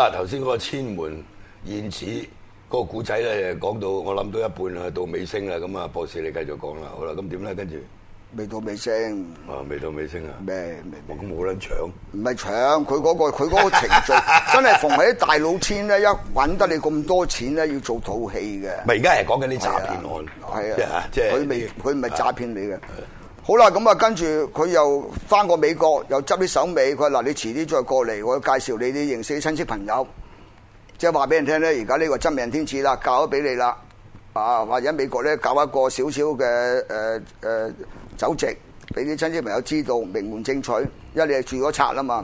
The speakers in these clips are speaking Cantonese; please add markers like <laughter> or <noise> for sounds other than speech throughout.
啊！頭先嗰個千門燕子嗰個古仔咧，講到我諗到一半啦，到尾聲啦，咁啊博士你繼續講啦，好啦，咁點咧？跟住未到尾聲啊，未到尾聲啊，咩？冇咁冇撚搶？唔係搶，佢嗰個，佢嗰個程序 <laughs> 真係逢喺大老千咧，一揾得你咁多錢咧，要做套戲嘅。咪而家係講緊啲詐騙案，即係嚇，即係佢未，佢唔係詐騙你嘅。 <laughs> 好啦，咁啊，跟住佢又翻過美國，又執啲手尾。佢話嗱，你遲啲再過嚟，我要介紹你啲認識啲親戚朋友，即係話俾人聽咧。而家呢個真命天子啦，教咗俾你啦，啊或者美國咧，搞一個少少嘅誒誒酒席，俾啲親戚朋友知道名門正取，因為你係住咗拆啦嘛。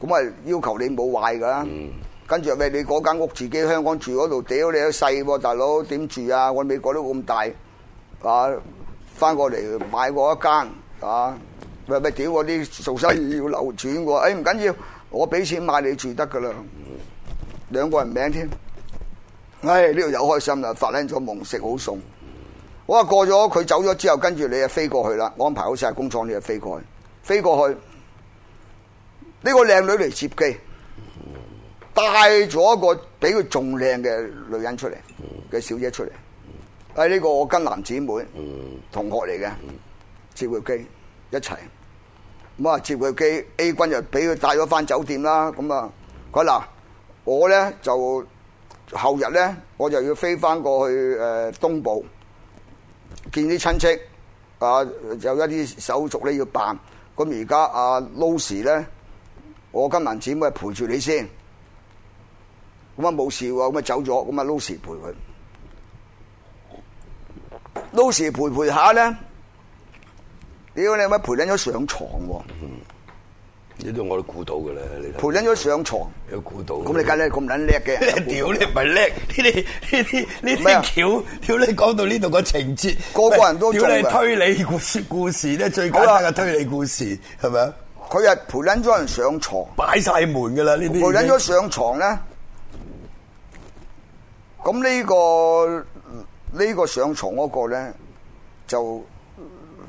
咁啊、嗯，要求你冇壞噶。嗯、跟住咧，你嗰間屋自己香港住嗰度，屌你都細喎，大佬點住啊？我美國都咁大啊！啊翻過嚟買過一間，啊，咪咪屌我啲做生意要流轉喎，誒唔緊要，我俾錢買你住得噶啦，兩個人名添，哎呢度有開心啦，發靚咗夢食好餸。哇過咗佢走咗之後，跟住你啊飛過去啦，安排好晒工廠你啊飛過去，飛過去，呢個靚女嚟接機，帶咗一個比佢仲靚嘅女人出嚟，嘅小姐出嚟。喺呢個我跟男姊妹、嗯、同學嚟嘅，嗯、接佢機一齊。咁啊，接佢機 A 君就俾佢帶咗翻酒店啦。咁啊，佢嗱、嗯、我咧就後日咧我就要飛翻過去誒、呃、東部見啲親戚啊、呃，有一啲手續咧要辦。咁而家阿 Lucy 咧，我跟男姊妹陪住你先。咁啊冇事喎，咁啊走咗，咁啊 Lucy 陪佢。到時陪陪下咧，屌你咪陪捻咗上床喎、啊！呢度我都估到嘅啦，你陪捻咗上床，有估到。咁你梗係咁捻叻嘅？屌你唔係叻，呢啲呢啲呢啲橋，屌你講到呢度嘅情節，個個人都屌你推理故事故事咧，最簡單嘅推理故事係咪啊？佢係陪捻咗人上床，擺晒門噶啦呢啲。陪捻咗上床咧，咁呢個。呢個上床嗰個咧就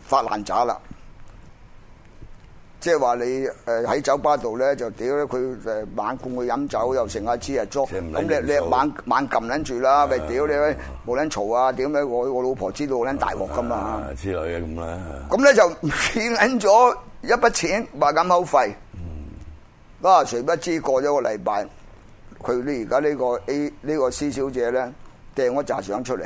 發爛渣啦，即係話你誒喺酒吧度咧就屌佢誒猛灌佢飲酒、嗯、又成下支啊捉。咁你你晚猛猛撳捻住啦，咪屌你冇捻嘈啊，點解我我老婆知道我捻大鑊㗎嘛。之、啊啊、類嘅咁啦，咁、啊、咧就欠捻咗一筆錢話咁口費，嗱，誰、嗯啊、不知過咗個禮拜，佢你而家呢個 A 呢個施小姐咧掟我紮相出嚟。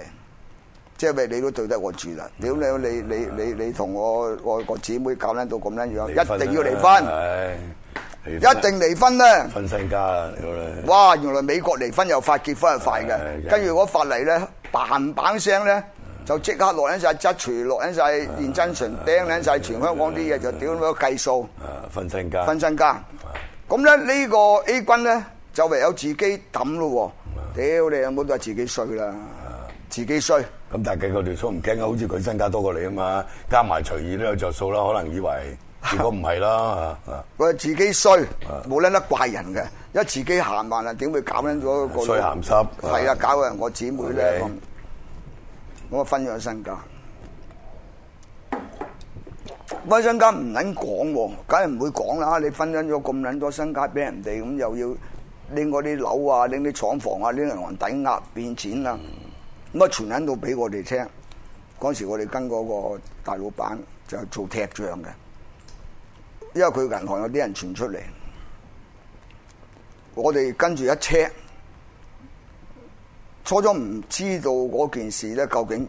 即係咪你都對得我住啦？屌你！你你你你同我外國姊妹搞捻到咁樣樣，一定要離婚，一定離婚咧！分身家嚟嘅，哇！原來美國離婚又快，結婚又快嘅。跟住嗰法例咧，嘭嘭聲咧，就即刻落緊曬執除，落緊曬現真船釘，緊曬全香港啲嘢就屌你個計數。啊，分身家！分身家！咁咧呢個 A 君咧就唯有自己揼咯喎！屌你阿母都係自己衰啦！自己衰，咁但係幾個條數唔驚啊，好似佢身家多過你啊嘛，加埋隨意都有着數啦。可能以為，如果唔係啦啊！佢自己衰，冇拎得怪人嘅，因為自己行慢啊，點會搞緊咗個衰鹹濕？係啊，搞人我姊妹咧，我分咗身家，分身家唔捻講，梗係唔會講啦。你分咗咁捻多身家俾人哋，咁又要拎嗰啲樓啊，拎啲廠房啊，拎銀行抵押變錢啊。咁啊傳喺度俾我哋聽，嗰時我哋跟嗰個大老闆就做踢賬嘅，因為佢銀行有啲人傳出嚟，我哋跟住一 check，初初唔知道嗰件事咧究竟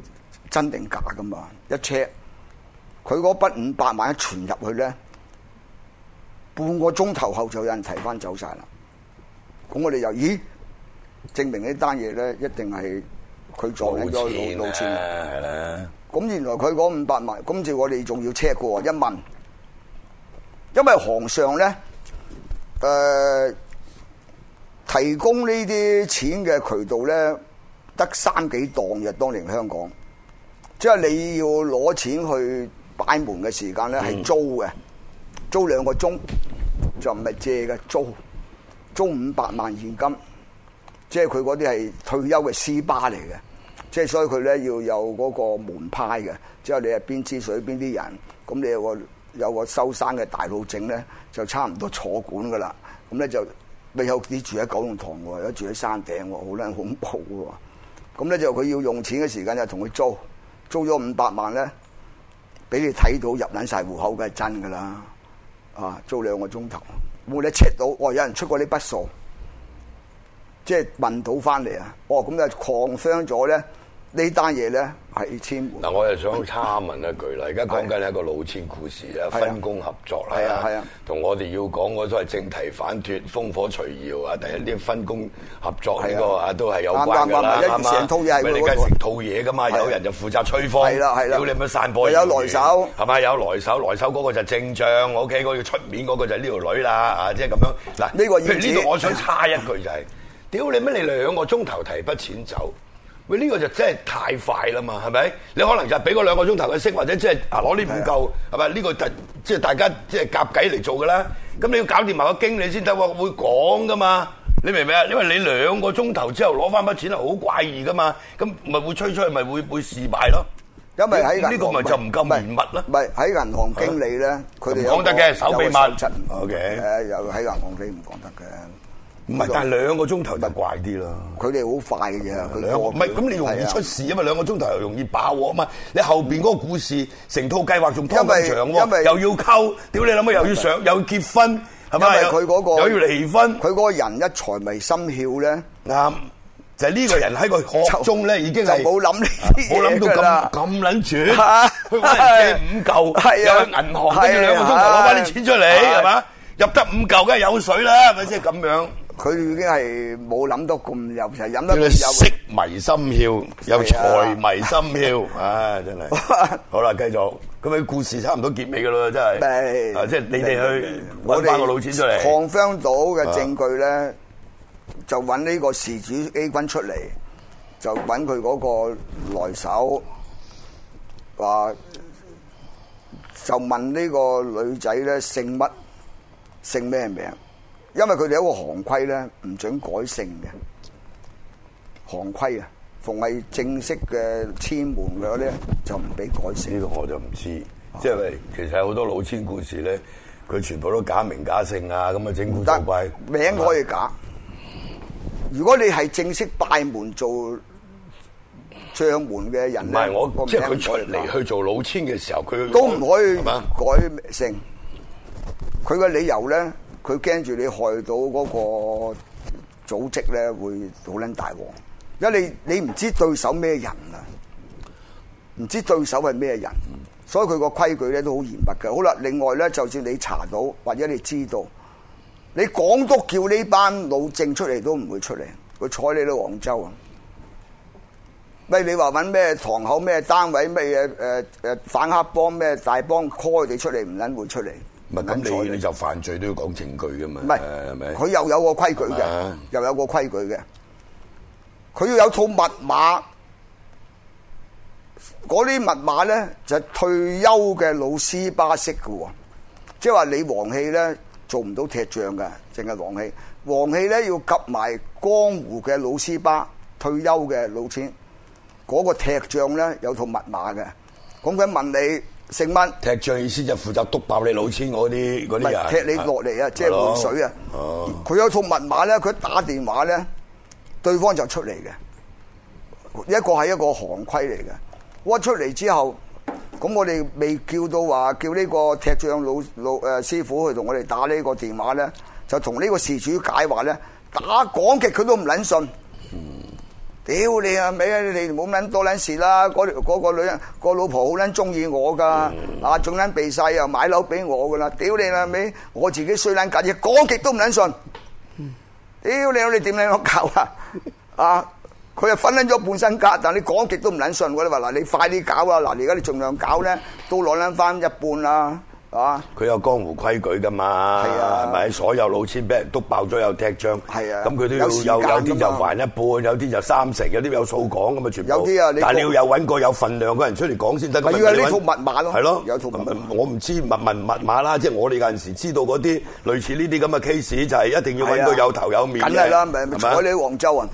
真定假噶嘛，一 check，佢嗰筆五百萬一傳入去咧，半個鐘頭後就有人提翻走晒啦，咁我哋又咦，證明呢單嘢咧一定係。佢做嘅路錢啦，啊，係啦。咁原來佢嗰五百萬，今次我哋仲要車過一問，因為行上咧，誒、呃、提供呢啲錢嘅渠道咧，得三幾檔嘅。當年香港，即係你要攞錢去擺門嘅時間咧，係租嘅，租兩個鐘就唔係借嘅，租租五百萬現金，即係佢嗰啲係退休嘅私巴嚟嘅。即係所以佢咧要有嗰個門派嘅，之後你係邊支水邊啲人，咁你有個有個收山嘅大佬整咧，就差唔多坐管噶啦。咁咧就你有啲住喺九龍塘喎，有住喺山頂喎，好撚恐怖喎。咁咧就佢要用錢嘅時間就同佢租，租咗五百萬咧，俾你睇到入撚晒戶口，梗係真噶啦。啊，租兩個鐘頭，冇你 check 到，哦，有人出過呢筆數，即係問到翻嚟啊，哦，咁就擴張咗咧。呢單嘢咧係千嗱，pues, 我又想差問一句啦。而家講緊係一個老千故事啊，嗯、分工合作啦，同、嗯嗯、我哋要講嗰啲係正題反脫、烽火除妖啊，第一啲分工合作呢個啊都係有關㗎套嘢係你而家套嘢㗎嘛？有人就負責吹風，係啦係啦。你咪散播？有來手係咪？有來手，來手嗰、okay, 個就正將，OK，嗰個要出面嗰個就係呢條女啦。啊，即係咁樣。嗱，呢個要知道。我想差一句就係、是：屌你乜？你兩個鐘頭提筆錢走？喂，呢個就真係太快啦嘛，係咪？你可能就俾個兩個鐘頭嘅息，或者即係啊攞呢五嚿，係咪是的？呢、這個即係大家即係夾計嚟做嘅啦。咁你要搞掂埋個經理先得喎，會講噶嘛？你明唔明啊？因為你兩個鐘頭之後攞翻筆錢係好怪異噶嘛，咁咪會吹出去咪會會事敗咯。因為喺呢個咪就唔夠嚴密啦。咪喺銀行經理咧，佢哋講得嘅手尾萬七，OK。誒，有喺銀行經理唔講得嘅。唔係，但係兩個鐘頭就怪啲啦。佢哋好快嘅佢兩個唔係咁，你容易出事啊嘛！兩個鐘頭又容易爆鑊啊嘛！你後邊嗰個故事成套計劃仲拖咁長喎，因為又要溝，屌你諗乜？又要上，又要結婚，係咪？佢嗰個又要離婚，佢嗰個人一財迷心竅咧。啱就係呢個人喺個殼中咧，已經係冇諗冇諗到咁咁撚絕。佢揾人借五嚿，又去銀行，跟住兩個鐘頭攞翻啲錢出嚟，係嘛？入得五嚿梗係有水啦，係咪先咁樣？佢已經係冇諗到咁油，成日飲得有色迷心竅，有財迷心竅，啊！真係好啦，繼續咁你故事差唔多結尾噶喇，真係。係啊，即係你哋去揾翻個老錢出嚟。confirm 到嘅證據咧，就揾呢個事主 A 君出嚟，就揾佢嗰個來手話，就問呢個女仔咧姓乜，姓咩名？因為佢哋有個行規咧，唔准改姓嘅行規啊。逢係正式嘅千門嘅咧，就唔俾改姓。呢個我就唔知。即係咪？其實好多老千故事咧，佢全部都假名假姓啊。咁啊，整古怪名可以假。吧如果你係正式拜門做千門嘅人咧，即係佢出嚟去做老千嘅時候，佢都唔可以，可以吧改姓。佢嘅理由咧？佢驚住你害到嗰個組織咧，會好撚大鑊，因為你你唔知對手咩人啊，唔知對手係咩人，所以佢個規矩咧都好嚴密嘅。好啦，另外咧，就算你查到或者你知道，你講，都叫呢班老證出嚟都唔會出嚟，佢睬你都黃州啊，咪你話揾咩堂口咩單位咩嘢誒誒反黑幫咩大幫 call 你出嚟唔撚會出嚟。唔係咁你你就犯罪都要講證據噶嘛？唔係，佢又有個規矩嘅，又有個規矩嘅。佢要有套密碼，嗰啲密碼咧就退休嘅老師巴式噶喎。即係話你黃氣咧做唔到踢將噶，淨係黃氣。黃氣咧要夾埋江湖嘅老師巴退休嘅老千，嗰個踢將咧有套密碼嘅。咁佢問你。成萬踢將，意思就負責督爆你老千嗰啲嗰啲人，踢你落嚟啊，即係換水啊。佢有套密碼咧，佢一打電話咧，對方就出嚟嘅。一個係一個行規嚟嘅，搵出嚟之後，咁我哋未叫到話叫呢個踢將老老誒師傅去同我哋打呢個電話咧，就同呢個事主解話咧，打講極佢都唔捻。信屌你啊！尾你你唔好捻多捻事啦！嗰、那、嗰個女人、那個老婆好捻中意我噶，啊仲捻備晒又買樓俾我噶啦！屌你啦尾，我自己衰捻鬼嘢，講極都唔捻信。屌、mm. 哎、你你點捻得夠啊！啊，佢又分捻咗半身家，但你講極都唔捻信。我話嗱，你快啲搞啊！嗱，而家你盡量搞咧，都攞捻翻一半啦。啊！佢有江湖規矩噶嘛？係啊，係咪？所有老千俾人篤爆咗，有踢章。係啊，咁佢都要有時有啲就還一半，有啲就三成，有啲有數講咁啊，全部。有啲啊，但係你要有揾個有份量嘅人出嚟講先得。咪以為呢幅密碼咯、啊？係咯找。啊、有我唔知密文密碼啦，即係我哋有陣時知道嗰啲類似呢啲咁嘅 case，就係一定要揾到有頭有面。梗係啦，咪咪改你黃州啊！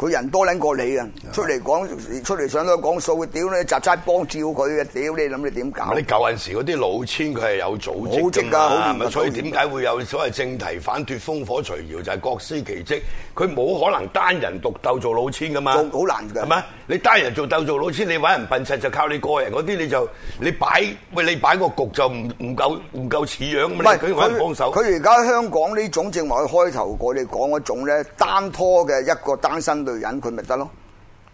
佢人多撚過你啊！出嚟講出嚟上咗講數，屌你，集曬幫照佢嘅，屌你，你諗你點搞？你舊陣時啲老千佢係有組織好唔係，嘛所以點解會有所謂正題反脫烽火垂搖就係、是、各司其職，佢冇可能單人獨鬥做老千㗎嘛，好難㗎。係咪？你單人做鬥做老千，你揾人笨柒就靠你個人啲，你就你擺喂你擺個局就唔唔夠唔夠似樣咁啊！佢揾是幫手。佢而家香港呢種正話開頭我哋講嗰種咧單拖嘅一個單身。女人佢咪得咯？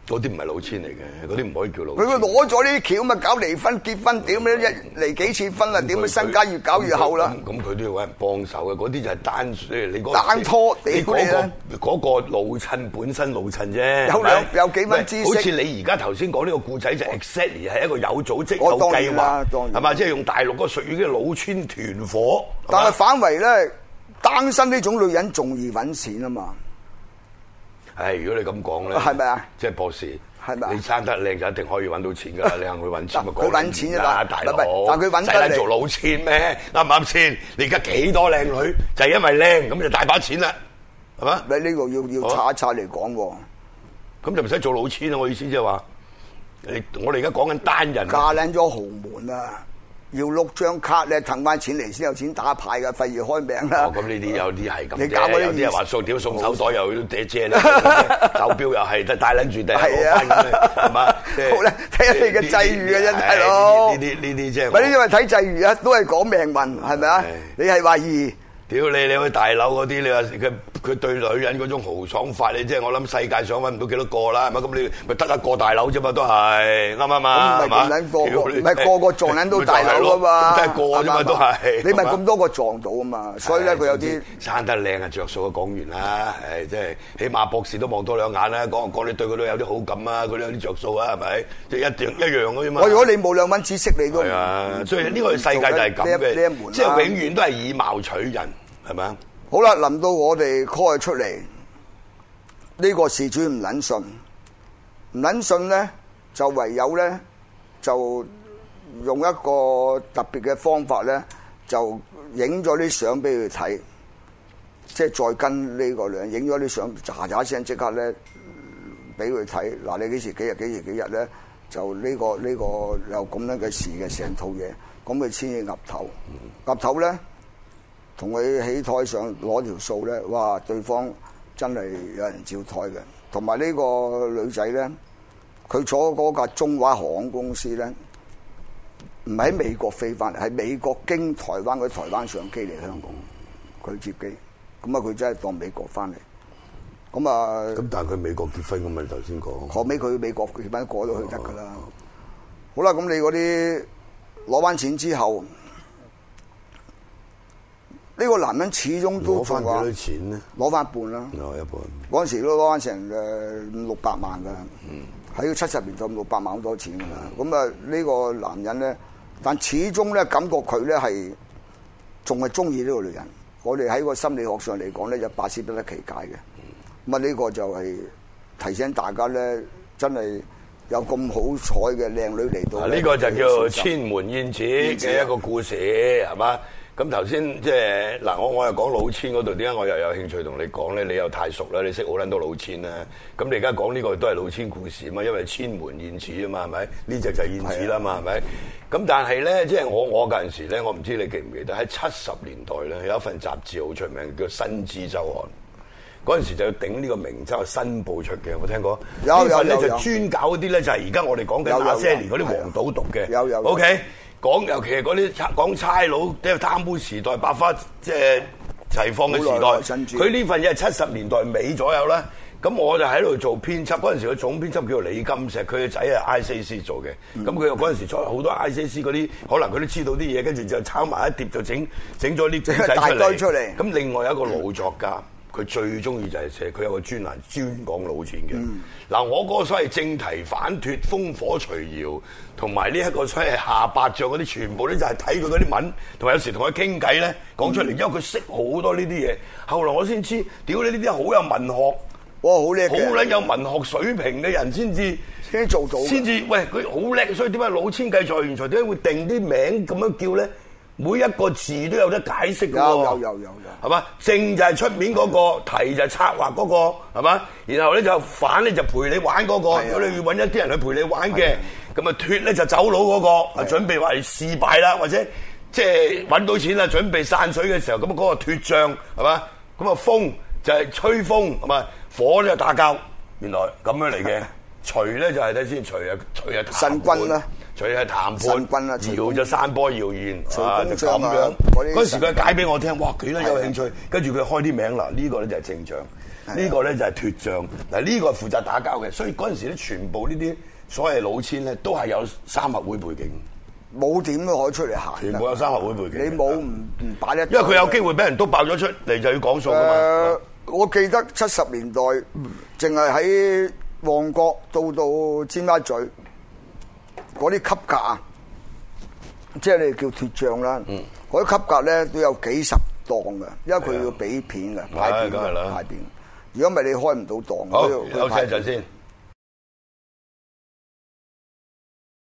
嗰啲唔係老千嚟嘅，嗰啲唔可以叫老千。佢攞咗呢啲橋咪搞離婚、結婚，點樣一嚟幾次婚啦？點樣身家越搞越厚啦？咁佢都要揾人幫手嘅，嗰啲就係單誒你單拖。你講個嗰個老襯本身老襯啫，有有幾分知識。好似你而家頭先講呢個故仔就 exactly 係一個有組織有計劃，係嘛？即係用大陸嗰屬於啲老千團伙。但係反為咧，單身呢種女人仲易揾錢啊嘛～誒，如果你咁講咧，係咪即係博士，係咪你生得靚就一定可以揾到錢㗎啦。你肯 <laughs> 去揾錢咪講嚟，但錢但大把大佬，使得做老千咩？啱唔啱先？你而家幾多靚女，就係、係、因為靚，咁就大把錢啦，係嘛？你呢個要要查一查嚟講喎。咁就唔使做老千啦。我意思即係話，你我哋而家講緊單人嫁靚咗豪門啦。要碌張卡咧，騰翻錢嚟先有錢打牌噶，費事開名啦。哦，咁呢啲有啲係咁你嘅，有啲人話送，屌送手袋又要遮遮啦，手錶又係得大捻住地係啊，係嘛？好咧，睇下你嘅際遇啊。真係囉，大佬。呢啲呢啲啫。喂，你哋因為睇際遇啊，都係講命運，係咪啊？你係話二？屌你！你去大樓嗰啲，你話佢，佢對女人嗰種豪爽法咧，即係我諗世界上揾唔到幾多個啦，係咪？咁你咪得一個大佬啫嘛，都係啱啱啊？唔係撞撚唔係個個撞撚都大佬啊嘛，得一個啊嘛，都係。你咪咁多個撞到啊嘛，所以咧佢有啲生得靚係着數啊！講完啦，誒，即係起碼博士都望多兩眼啦，講講你對佢都有啲好感啊，佢都有啲着數啊，係咪？即係一啲一樣嘅啫嘛。我如果你冇兩蚊知識你都係，所以呢個世界就係咁，即係永遠都係以貌取人，係咪啊？好啦，臨到我哋 call 佢出嚟，呢、這個事主唔捻信，唔捻信咧就唯有咧就用一個特別嘅方法咧，就影咗啲相俾佢睇，即係再跟個女呢個兩影咗啲相，喳喳聲即刻咧俾佢睇。嗱、啊，你幾時幾日幾時幾日咧？就呢、這個呢、這個有咁樣嘅事嘅成套嘢，咁佢先至岌頭，岌頭咧。同佢喺台上攞條數咧，哇！對方真係有人照台嘅。同埋呢個女仔咧，佢坐嗰架中華航空公司咧，唔喺美國飛翻嚟，喺美國經台灣嗰台灣上機嚟香港，佢接機。咁啊，佢真係當美國翻嚟。咁啊，咁但係佢美國結婚咁嘛，頭先講。後尾佢美國結婚過咗去得㗎啦？好啦，咁你嗰啲攞翻錢之後。呢個男人始終都攞翻幾多錢咧？攞翻一半啦。攞一半。嗰陣時都攞翻成誒五六百萬㗎。嗯。喺七十年代五六百萬好多錢㗎啦。咁啊呢個男人咧，但始終咧，感覺佢咧，係仲係中意呢個女人。我哋喺個心理學上嚟講咧，就百思不得其解嘅。嗯。咁啊呢個就係提醒大家咧，真係有咁好彩嘅靚女嚟到。啊！呢個就叫千門燕子嘅一個故事，係嘛？咁頭先即係嗱，我我又講老千嗰度，點解我又有興趣同你講咧？你又太熟啦，你識好撚多老千啦。咁你而家講呢個都係老千故事嘛，因為千門燕子啊嘛，係咪？呢隻就係燕子啦嘛，係咪？咁但係咧，即係我我嗰陣時咧，我唔知你記唔記得喺七十年代咧，有一份雜誌好出名叫《新知周刊》。嗰陣時就頂呢個名之後，新報出嘅，有冇聽過？有有有。份就專搞啲咧，就係而家我哋講緊那些年嗰啲黃賭毒嘅。有有。O K。講尤其係嗰啲講差佬，即係貪污時代百花即係齊放嘅時代，佢呢份嘢係七十年代尾左右啦。咁我就喺度做編輯，嗰陣時嘅總編輯叫李金石，佢個仔係 I C C 做嘅。咁佢又嗰陣時做好多 I C C 嗰啲，可能佢都知道啲嘢，跟住就炒埋一碟就整整咗啲嘢出嚟。一大堆出嚟。咁另外有一個老作家。嗯嗯佢最中意就係寫，佢有個專欄專講老千嘅。嗱，嗯、我嗰個所謂正題反脱烽火徐謠，同埋呢一個所謂下八將嗰啲，全部咧就係睇佢嗰啲文，同埋有時同佢傾偈咧，講出嚟因為，佢識好多呢啲嘢。後來我先知，屌你呢啲好有文學，哇，好叻好撚有文學水平嘅人先至先做到，做到，先至喂佢好叻，所以點解老千計財完財點解會定啲名咁樣叫咧？每一個字都有得解釋噶，係嘛？正就係出面嗰、那個，題是的 就策劃嗰、那個，係嘛？然後咧就反咧就陪你玩嗰、那個，有例是的 如揾一啲人去陪你玩嘅，咁啊脱咧就走佬嗰、那個，啊是的 準備話嚟事敗啦，或者即係揾到錢啦，準備散水嘅時候，咁啊嗰個脱將，係嘛？咁啊風就係吹風，係嘛？火咧就打交。原來咁樣嚟嘅，除咧 <laughs> 就係睇先，除啊除啊。新軍啦。神君 除係談判，造咗山波謠言，就咁樣。嗰陣、啊、時佢解俾我聽，哇幾多有興趣，跟住佢開啲名啦。呢、呢個咧就正像，呢的個咧就係脱仗。嗱、呢、呢個負責打交嘅，所以嗰陣時咧，全部呢啲所謂老千咧，都係有三合會背景。冇點都可以出嚟行，全部有三合會背景。你冇唔唔擺咧？因為佢有機會俾人都爆咗出嚟，就要講數㗎嘛。呃、的我記得七十年代，淨係喺旺角到到尖沙咀。嗰啲級格啊，即係你叫脫帳啦。嗰啲、嗯、級格咧都有幾十檔嘅，因為佢要俾片嘅，派片，派的片。如果唔係你開唔到檔。好要休息陣先。